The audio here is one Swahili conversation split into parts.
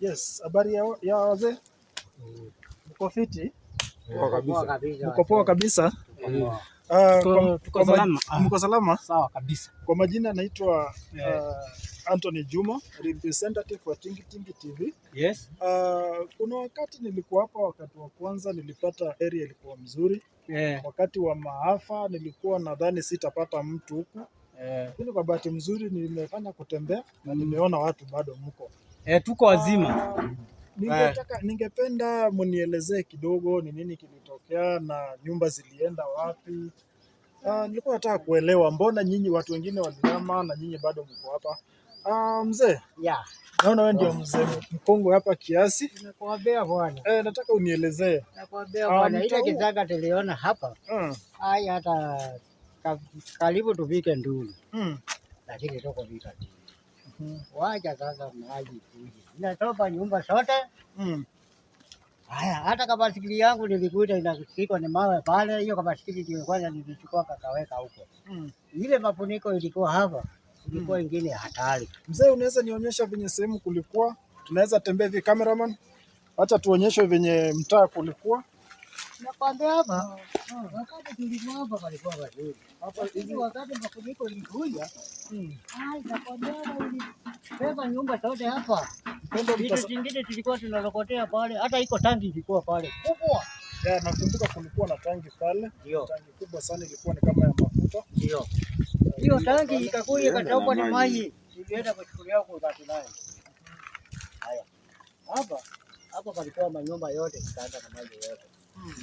Yes, habari ya, ya wazee mko fiti? Mko poa kabisa? Mko salama? Sawa kabisa. Kwa majina naitwa eh. uh, Anthony Juma, representative wa Tingi Tingi TV. Yes. Uh, kuna wakati nilikuwa hapa, wakati wa kwanza nilipata area ilikuwa mzuri. Yeah. Wakati wa maafa nilikuwa nadhani sitapata mtu huku eh. lakini kwa bahati mzuri nimefanya kutembea na nimeona watu bado mko E, tuko ah, wazima. Ningependa ninge munielezee kidogo ni nini kilitokea na nyumba zilienda wapi? Uh, nilikuwa nataka kuelewa mbona nyinyi watu wengine walihama na nyinyi bado mko hapa. Uh, mzee yeah. Naona wewe ndio mzee mkongwe hapa kiasi. Nakwambia bwana. Eh, nataka unielezee. Nakuambia bwana, ile kizaga tuliona hapa Mm. Ai hata karibu tuvike Mm. lakini tuko vita waja Wacha sasa maji kuja. inatopa nyumba sote. Mm. Haya, hata kabasikili yangu nilikuta inasikikwa ni mawe pale, hiyo kabasikili ndio kwanza nilichukua kakaweka huko. Mm. Ile mafuniko ilikuwa hapa, ilikuwa mm. ingine hatari. Mzee, unaweza nionyesha venye sehemu kulikuwa? Tunaweza tembea hivi cameraman. Acha tuonyeshe venye mtaa kulikuwa. Nakwambia hapa tulikuwa ai nakwambia tunalokotea pale, hata iko tangi ilikuwa pale kubwa. nakumbuka kulikuwa na tangi pale, tangi kubwa sana ilikuwa ni kama ya mafuta. Ndio. Hiyo tangi ikakuja ikatopwa na maji. Ilienda kuchukulia huko nayo. Haya. Hapa hapa palikuwa manyumba yote ikaanza na maji yote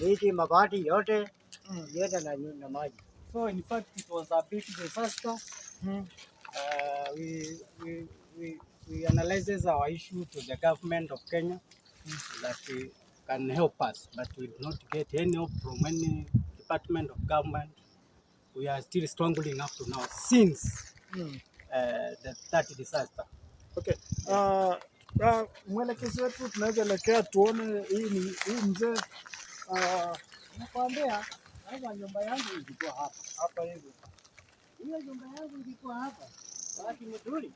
miti, mabati yote hmm, yote na, na maji. So in fact it was a big disaster. Hmm. Uh, we, we, we, we analyzes our issue to the government of Kenya that we can help us but we did not get any help from any department of government. We are still struggling up to now since hmm. uh, the that disaster. Okay. uh, uh mwelekezi wetu tunaweza elekea tuone hii ni hii mzee nakwambia, kama nyumba yangu ilikuwa hapa hapa hivi, hiyo nyumba yangu ilikuwa hapa, lakini mzuri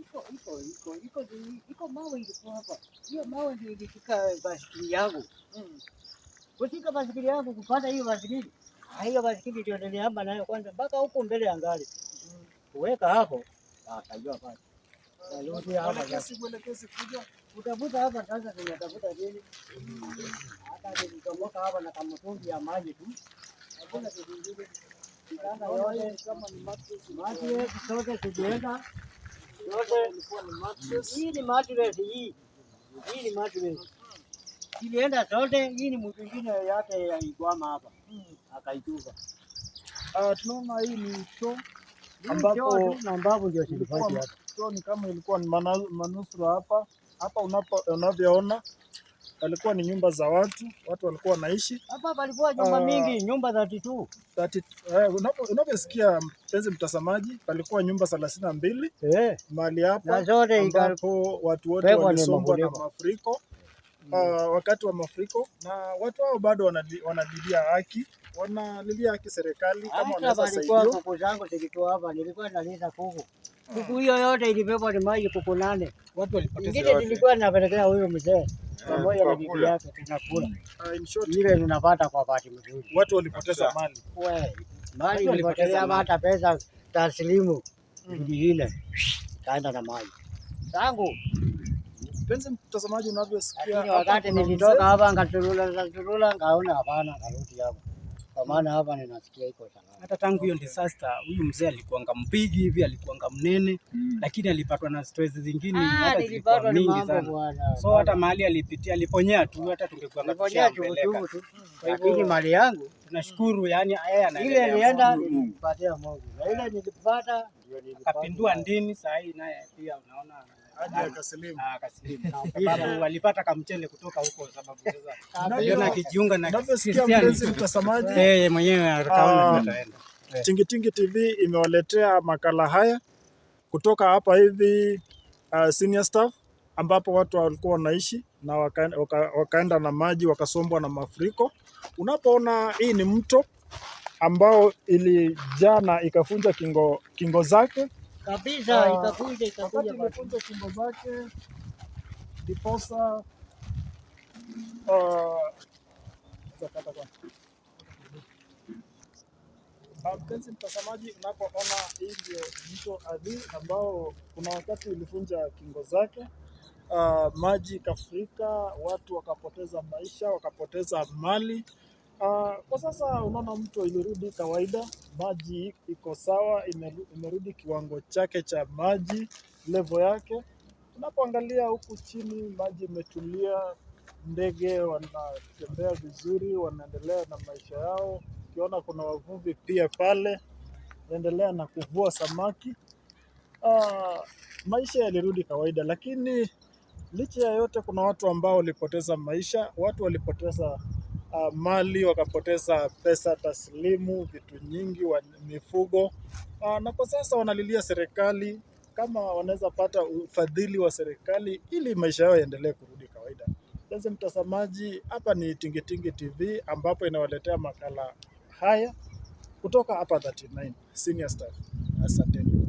iko iko iko iko iko mawe ilikuwa hapa, hiyo mawe ndio ilifika basikili yangu, hmm. kushika basikili yangu, kupata hiyo basikili ah, hiyo basikili ndio niliamba nayo kwanza mpaka huko mbele ya ngali hmm. kuweka hapo, akajua ah, basi Utavuta hapa sasa, tunatafuta nini? Hata nilitongoka hapa na kamtungi ya maji tu, hakuna kitu kingine. zote Hii ni ni mtu yake hapa ah, Tunaona hii ni choo ambapo ndio choo, ni kama ilikuwa ni manusura hapa hapa unapo unavyoona alikuwa ni nyumba za watu, watu walikuwa wanaishi hapa. Palikuwa nyumba uh, mingi, nyumba 32. Eh, uh, Unavyosikia mpenzi mtazamaji, palikuwa nyumba thelathini na mbili eh, mahali zote ambapo watu wote walisombwa na mafuriko Uh, wakati wa mafuriko na watu hao bado wanalilia haki, wanalilia haki serikali kama wanaweza saidia. Siku hiyo yote ilibebwa ni maji kuku nane. Watu walipoteza Ingine nilikuwa napelekea huyo mzee pamoja na bibi yake tunakula. Ile ninapata kwa bahati mzuri. Watu walipoteza mali. Wewe, mali ilipotelea hata pesa taslimu. Ndio ile. Kaenda na maji. Tangu mpenzi mtazamaji unavyosikia wakati nilitoka hapa ngaturula ngaturula ngaona hapana karudi hapo kwa maana hapa ninasikia iko salama. Hata tangu hiyo disaster huyu mzee alikuanga mpigi hivi, alikuanga mnene mm, lakini alipatwa na stress zingine ah, hata zilikuwa mingi sana, so hata mahali alipitia aliponyea tu, hata tungekuanga tushampeleka. Lakini mali yangu tunashukuru, yani ile alienda nilipatia Mungu na ile nilipata ndio akapindua ndini. Sasa hii naye pia unaona Ah, sababu kamchele kutoka huko, sababu akijiunga na mtazamaji, eh, yeye mwenyewe Tingitingi ah, eh. TV imewaletea makala haya kutoka hapa hivi uh, senior staff ambapo watu walikuwa wanaishi na waka, waka, wakaenda na maji wakasombwa na mafuriko. Unapoona hii ni mto ambao ilijaa na ikafunja kingo, kingo zake kabisa, ah, ikakuja ikakuja, imekunja shingo zake ndiposa uh, ah, Mpenzi mtazamaji, unapoona hii ndio mto Athi ambao kuna wakati ulifunja kingo zake, uh, maji ikafurika, watu wakapoteza maisha, wakapoteza mali. Ah, kwa sasa unaona mto ilirudi kawaida, maji iko sawa, imerudi kiwango chake cha maji, levo yake. unapoangalia huku chini, maji imetulia, ndege wanatembea vizuri, wanaendelea na maisha yao. Ukiona kuna wavuvi pia pale endelea na kuvua samaki. Aa, ah, maisha yalirudi kawaida, lakini licha ya yote, kuna watu ambao walipoteza maisha, watu walipoteza uh, mali, wakapoteza pesa taslimu, vitu nyingi wa, mifugo uh, na kwa sasa wanalilia serikali kama wanaweza pata ufadhili wa serikali ili maisha yao yaendelee kurudi kawaida. Sasa mtazamaji, hapa ni Tingitingi TV ambapo inawaletea makala haya kutoka hapa 39 senior staff. Asanteni.